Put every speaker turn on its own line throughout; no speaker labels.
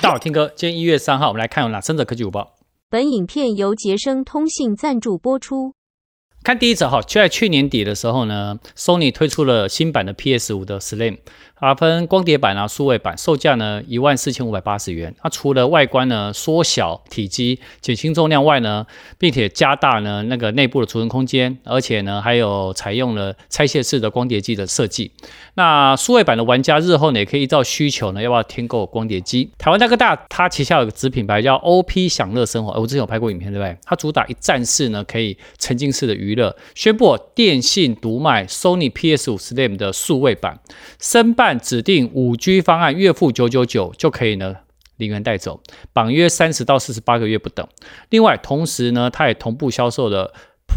大伙聽歌，今天一月三號，我們來看有哪三個科技午報。本影片由傑昇通信贊助播出。看第一則哈，就在去年底的時候呢，Sony 推出了新版的 PS5 的 Slim，啊，分光碟版啊、數位版，售價呢一萬四千五百八十元。它、啊、除了外觀呢縮小體積、減輕重量外呢，並且加大呢那個內部的儲存空間，而且呢還有採用了拆卸式的光碟機的設計。那數位版的玩家日後呢也可以依照需求呢要不要添購光碟機。台灣大哥大它旗下有個子品牌叫 OP 享樂生活、欸，我之前有拍過影片對不對？它主打一站式呢可以沉浸式的娛。宣布了電信獨賣 Sony PS5 Slim 的數位版，申辦指定五 G 方案，月付九九九就可以呢，零元帶走，綁約三十到四十八個月不等。另外，同時呢，它也同步銷售了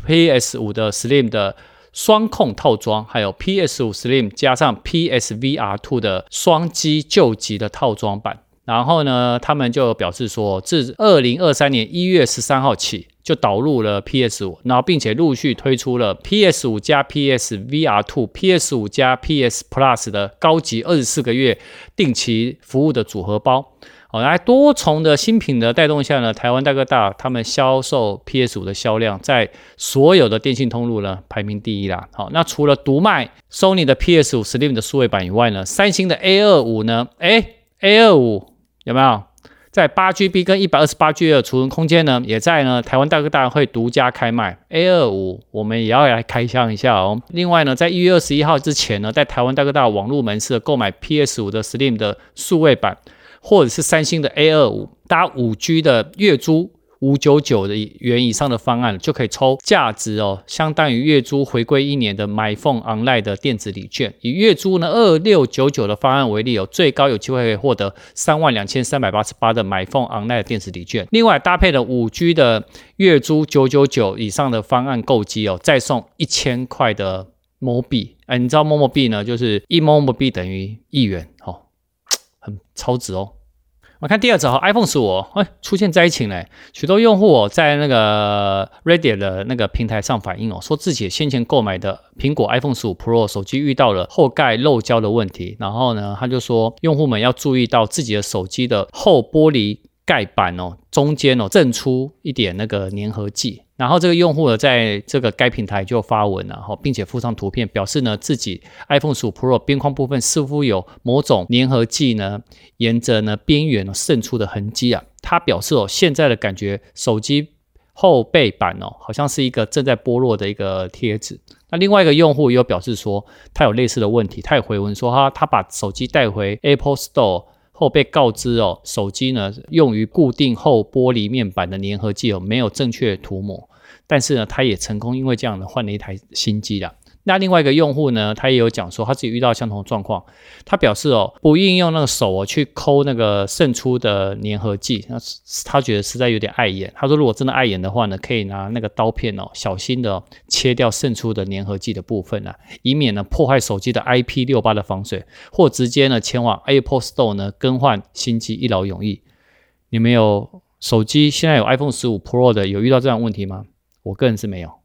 PS5 的 Slim 的雙控套裝，還有 PS5 Slim 加上 PSVR2 的雙機救急的套裝版。然後呢，他們就表示說，自二零二三年一月十三號起。就導入了 PS 五，然後並且陸續推出了 PS 五加 PS VR two，PS 五加 PS Plus 的高級二十四個月定期服務的組合包。好，來多重的新品的帶動下呢，台灣大哥大他們銷售 PS 五的銷量在所有的電信通路呢排名第一啦。好，那除了獨賣 Sony 的 PS 五 Slim 的數位版以外呢，三星的 A 二五呢？誒，A 二五有沒有？在八 GB 跟一百二十八 GB 的儲存空間呢，也在呢台灣大哥大會獨家開賣 A 二五，我們也要來開箱一下哦。另外呢，在一月二十一號之前呢，在台灣大哥大網絡門市購買 PS 五的 Slim 的數位版，或者是三星的 A 二五搭五 G 的月租。五九九的元以上的方案就可以抽價值哦，相當於月租回歸一年的 myphone online 的電子禮券。以月租呢二六九九的方案為例哦，最高有機會可以獲得三萬兩千三百八十八的 myphone online 的電子禮券。另外搭配了五 G 的月租九九九以上的方案購機哦，再送一千塊的 MO 幣哎，你知道 MO 幣呢？就是一 MO 幣等於一元哦，很超值哦。我看第二則哈，iPhone 十五，哦、哎出現災情嘞，許多用戶哦，在那個 Reddit 的那個平台上反映哦，說自己先前購買的蘋果 iPhone 十五 Pro 手機遇到了後蓋漏膠的問題，然後呢，他就說，用戶們要注意到自己的手機的後玻璃。蓋板哦，中間哦滲出一點那個粘合劑，然後這個用戶呢，在這個該平台就發文了，吼，並且附上圖片，表示呢自己 iPhone 15 Pro 邊框部分似乎有某種粘合劑呢，沿着呢邊緣滲出的痕跡啊。他表示哦，現在的感覺手機後背板哦，好像是一個正在剝落的一個貼紙。那另外一個用戶又表示說，他有類似的問題，他也回文說哈，他把手機帶回 Apple Store。後被告知哦，手機呢用於固定後玻璃面板的粘合劑哦沒有正確塗抹，但是呢，他也成功，因為這樣呢，換了一台新機了。那另外一個用戶呢，他也有講說他自己遇到相同狀況，他表示哦，不應用那個手哦去摳那個滲出的粘合劑，那他覺得實在有點礙眼。他說如果真的礙眼的話呢，可以拿那個刀片哦，小心的、哦、切掉滲出的粘合劑的部分呢、啊，以免呢破壞手機的 IP 六八的防水，或直接呢前往 Apple Store 呢更換新機，一勞永逸。你們有手機現在有 iPhone 十五 Pro 的有遇到這樣的問題嗎？我個人是沒有。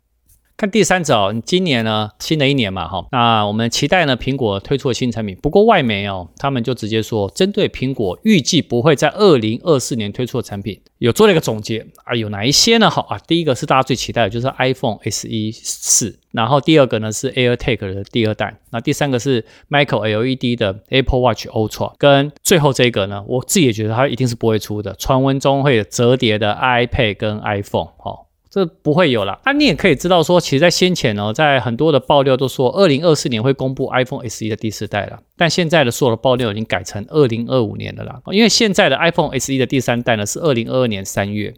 看第三者，哦，今年呢，新的一年嘛，哈，那我們期待呢，蘋果推出的新產品。不過外媒哦，他們就直接說，針對蘋果預計不會在二零二四年推出的產品，有做了一個總結啊，有哪一些呢？好啊，第一個是大家最期待的，就是 iPhone SE 四，然後第二個呢是 AirTag 的第二代，那第三個是 Micro LED 的 Apple Watch Ultra，跟最後這個呢，我自己也覺得它一定是不會出的，傳聞中會有折疊的 iPad 跟 iPhone 哈、哦。這不會有了，那、啊、你也可以知道說，其實，在先前呢、哦，在很多的爆料都說，二零二四年會公布 iPhone SE 的第四代了，但現在的所有的爆料已經改成二零二五年的了啦，因為現在的 iPhone SE 的第三代呢，是二零二二年三月。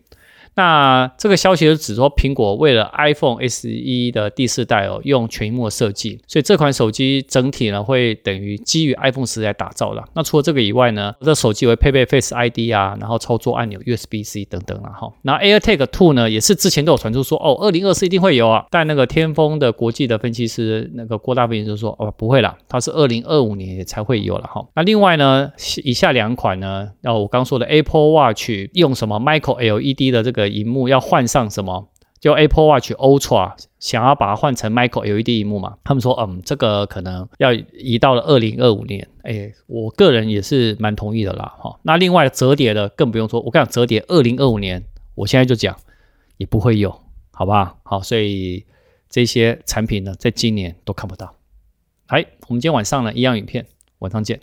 那這個消息就指說，蘋果為了 iPhone SE 的第四代哦，用全螢幕設計，所以這款手機整體呢會等於基於 iPhone 十來打造的。那除了這個以外呢，這手機會配備 Face ID 啊，然後操作按鈕 USB-C 等等了哈。那 AirTag 2呢，也是之前都有傳出說哦，二零二四一定會有啊，但那個天風的國際的分析師那個郭大斌就說哦，不會啦，它是二零二五年也才會有了哈。那另外呢，以下兩款呢，要我剛說的 Apple Watch 用什麼 Micro LED 的這個。螢幕要換上什麼？就 Apple Watch Ultra，想要把它換成 Micro LED 螢幕嘛？他們說，嗯，這個可能要移到了二零二五年。哎、欸，我個人也是蠻同意的啦，哈。那另外的折疊的更不用說，我跟你講折疊，二零二五年，我現在就講也不會有，好吧？好，所以這些產品呢，在今年都看不到。好，我們今天晚上呢，一樣影片，晚上見。